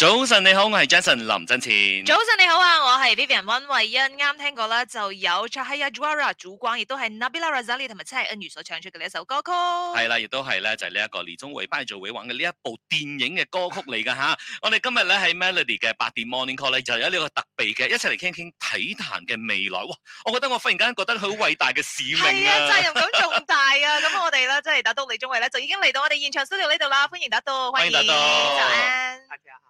早晨你好，我係 Jason 林振前。早晨你好啊，我係 Vivian 溫慧欣。啱聽過啦，就有 Chaya Zuarra 主光，亦都係 Nabila Razali 同埋 Chaya Enyu 所唱出嘅呢一首歌曲。係啦、啊，亦都係咧就係呢一個李宗偉翻做偉王嘅呢一部電影嘅歌曲嚟噶吓。 我哋今日咧係 Melody 嘅《八點 Morning Call》咧，就有呢個特備嘅一齊嚟傾傾體壇嘅未來。哇，我覺得我忽然間覺得好偉大嘅使命啊！ 啊責任咁重大啊！咁 我哋咧真係打到李宗偉咧就已經嚟到我哋現場 studio 呢度啦，歡迎打到，歡迎打到。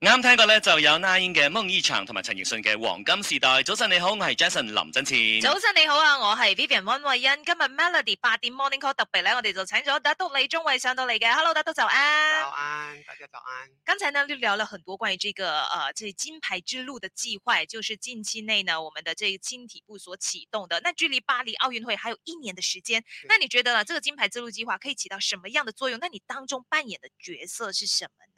啱聽過咧，就有那英嘅夢一場，同埋陳奕迅嘅黃金時代。早晨你好，我係 Jason 林振前。早晨你好啊，我係 Vivian 溫慧欣。今日 Melody 八點 Morning Call 特別咧，我哋就請咗拿督李宗偉上到嚟嘅。Hello，拿督早安。早安，大家早安。剛才呢就聊了很多關於這個誒、呃，這金牌之路的計劃，就是近期內呢我們的這青體部所啟動的。那距離巴黎奧運會還有一年的時間，那你覺得呢？這個金牌之路計劃可以起到什麼樣的作用？那你當中扮演的角色是什麼呢？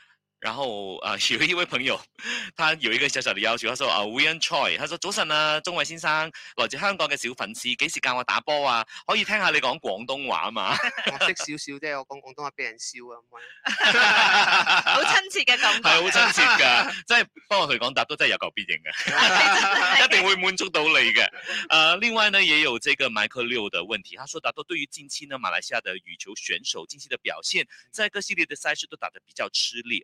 然後啊、呃，有一位朋友，他有一個小小的要求，他說：啊，William Choi，他說早晨啊，鍾偉先生，來自香港嘅小粉絲，幾時教我打波啊？可以聽下你講廣東話啊嘛？我識少少啫， 我講廣東話俾人笑啊，唔該。好親切嘅感覺，係好親切㗎，即係幫我同佢講答都真係有求必應嘅， 一定會滿足到你嘅。誒、呃，另外呢，也有這個 Michael Liu 嘅問題，佢話：答多對於近期呢馬來西亞嘅羽球選手近期嘅表現，在各系列嘅賽事都打得比較吃力，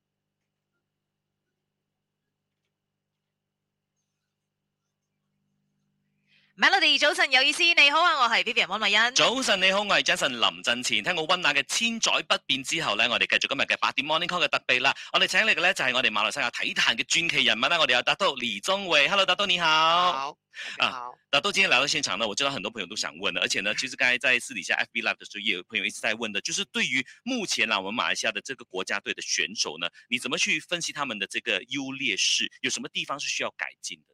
hello，早晨，有意思，你好啊，我係 Vivian 溫麗欣。早晨，你好，我係 Jason 林振前。聽過溫拿嘅千載不變之後咧，我哋繼續今日嘅八點 Morning Call 嘅特備啦。我哋請嚟嘅咧就係、是、我哋馬來西亞體壇嘅傳奇人物咧，我哋有達到李宗偉。Hello，達到你好。好。好、啊。達到今天來到現場呢，我知道很多朋友都想問，而且呢，其實剛才在私底下 FB Live 嘅時候，有朋友一直在問的就是對於目前啦，我們馬來西亞嘅這個國家隊嘅選手呢，你怎麼去分析他們嘅這個優劣勢，有什麼地方是需要改進的？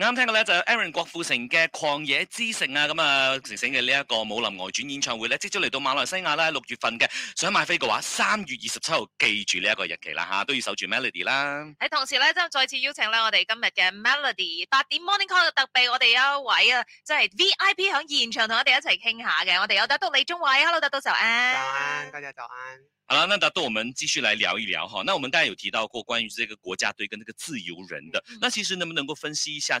啱啱聽過咧，就 Aaron 郭富城嘅《狂野之城》啊，咁啊，城城嘅呢一個武林外傳演唱會咧，即將嚟到馬來西亞啦，六月份嘅，想買飛嘅話，三月二十七號記住呢一個日期啦吓，都要守住 Melody 啦。喺同時咧，即係再次邀請咧，我哋今日嘅 Melody 八點 Morning Call 特備，我哋有一位啊，即係 VIP 響現場同我哋一齊傾下嘅，我哋有得督李宗偉，Hello，得到早安。早安，大家早安。好啦，那得到我們繼續嚟聊一聊嗬，那我們剛有提到過關於這個國家隊跟呢個自由人的、嗯，那其實能不能夠分析一下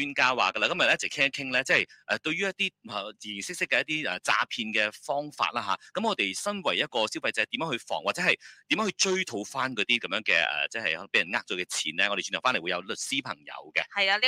專家話㗎啦，今日咧一齊傾一傾咧，即係誒對於一啲形形色色嘅一啲誒詐騙嘅方法啦吓，咁我哋身為一個消費者點樣去防，或者係點樣去追討翻嗰啲咁樣嘅誒，即係俾人呃咗嘅錢咧，我哋轉頭翻嚟會有律師朋友嘅。係啊，呢